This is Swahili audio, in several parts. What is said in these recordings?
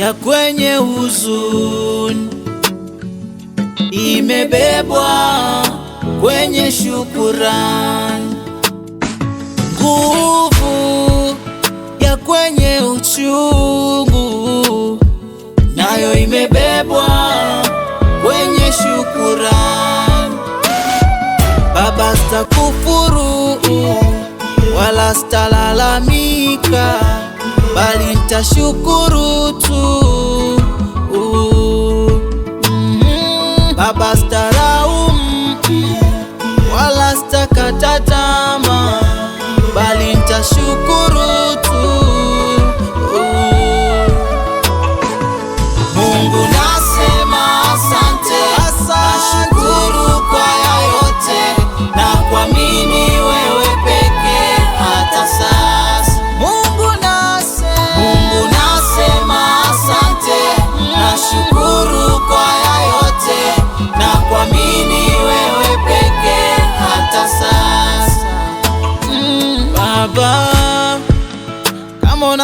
ya kwenye huzuni imebebwa kwenye shukurani, nguvu ya kwenye uchungu nayo imebebwa kwenye shukurani. Baba, sitakufuru wala sitalalamika bali nitashukuru tu.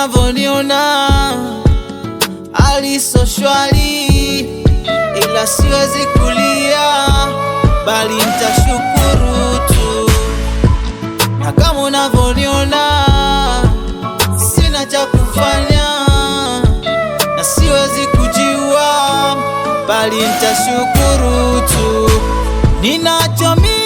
unavyoniona so shwari, ila siwezi kulia, bali nitashukuru tu, na kama unavyoniona sina cha kufanya na siwezi kujiua, bali nitashukuru tu ninachomi